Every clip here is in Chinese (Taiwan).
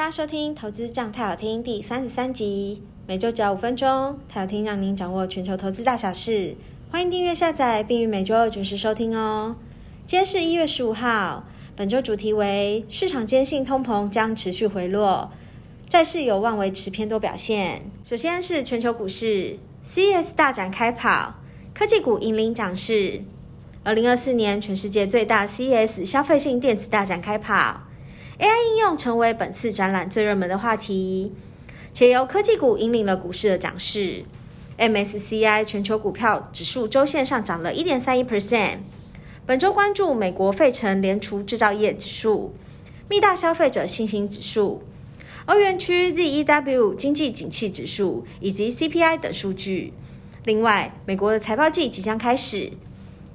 大家收聽《投資這樣，泰好聽》第三十三集，每週只要五分鐘，泰好聽讓您掌握全球投資大小事。歡迎訂閱下載，並於每週二準時收聽哦。今天是一月十五號，本周主題為市場堅信通膨將持續回落，債市有望維持偏多表現。首先是全球股市，CES 大展開跑，科技股引領漲勢。二零二四年，全世界最大 CES 消費性電子大展開跑。AI 應用成為本次展覽最熱門的話題，且由科技股引領了股市的漲勢。MSCI 全球股票指數周線上漲了1.31%。本周關注美國費城聯儲製造業指數、密大消費者信心指數、歐元區 ZEW 經濟景氣指數以及 CPI 等數據。另外，美國的財報季即將開始，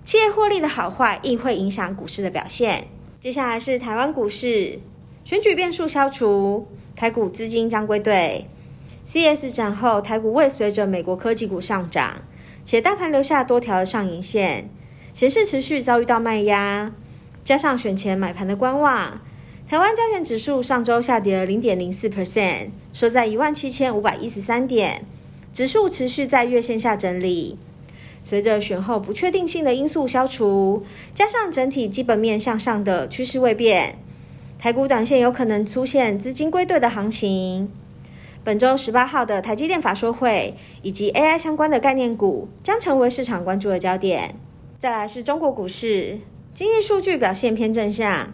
企業獲利的好壞亦會影響股市的表現。接下來是台灣股市。選舉變數消除，台股資金將歸隊。CES 展後，台股未隨着美國科技股上漲，且大盤留下多條的上影線，顯示持續遭遇到賣壓。加上選前買盤的觀望，台灣加權指數上週下跌了零點零四 percent，收在一萬七千五百一十三點。指數持續在月線下整理。隨着選後不確定性的因素消除，加上整體基本面向上的趨勢未變。台股短線有可能出現資金歸隊的行情。本周十八號的台積電法說會以及 AI 相關的概念股將成為市場關注的焦點。再來是中國股市，經濟數據表現偏正向，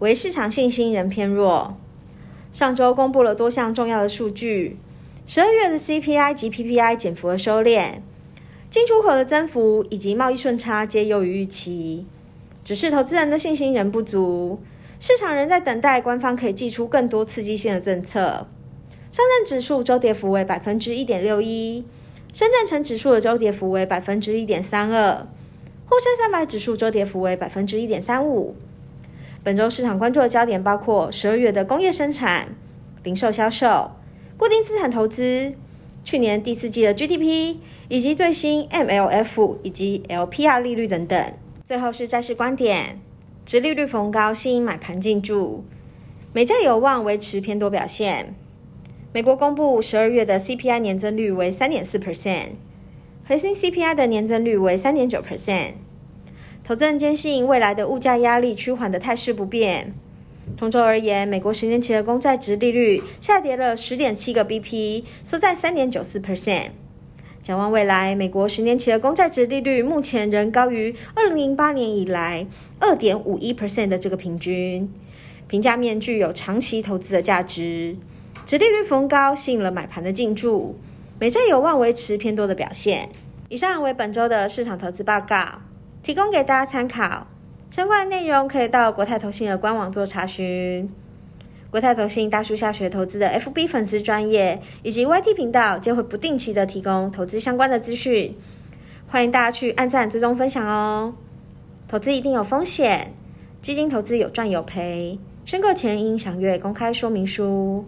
唯市場信心仍偏弱。上周公布了多項重要的數據，十二月的 CPI 及 PPI 減幅的收斂，進出口的增幅以及貿易順差皆優於預期，只是投資人的信心仍不足。市場仍在等待官方可以祭出更多刺激性的政策。上證指數週跌幅為百分之一點六一，深證成指數的週跌幅為百分之一點三二，滬深三百指數週跌幅為百分之一點三五。本週市場關注的焦點包括十二月的工業生產、零售銷售、固定資產投資、去年第四季的 GDP，以及最新 MLF 以及 LPR 利率等等。最後是債市觀點。殖利率逢高吸引買盤進駐，美債有望維持偏多表現。美國公布十二月的 CPI 年增率為三點四 percent，核心 CPI 的年增率為三點九 percent。投資人堅信未來的物價壓力趨緩的態勢不變。同周而言，美國十年期的公債殖利率下跌了十點七個 bp，收在三點九四 percent。展望未來，美國十年期的公債殖利率目前仍高於二零零八年以來二點五一 percent 的這個平均，評價面具有長期投資的價值。殖利率逢高吸引了買盤的進駐，美債有望維持偏多的表現。以上為本周的市場投資報告，提供給大家參考。相關內容可以到國泰投信的官網做查詢。國泰投信大樹下學投資的 FB 粉絲專頁以及 YT 頻道，將會不定期的提供投資相關的資訊，歡迎大家去按讚、追蹤、分享哦。投資一定有風險，基金投資有賺有賠，申購前應詳閱公開說明書。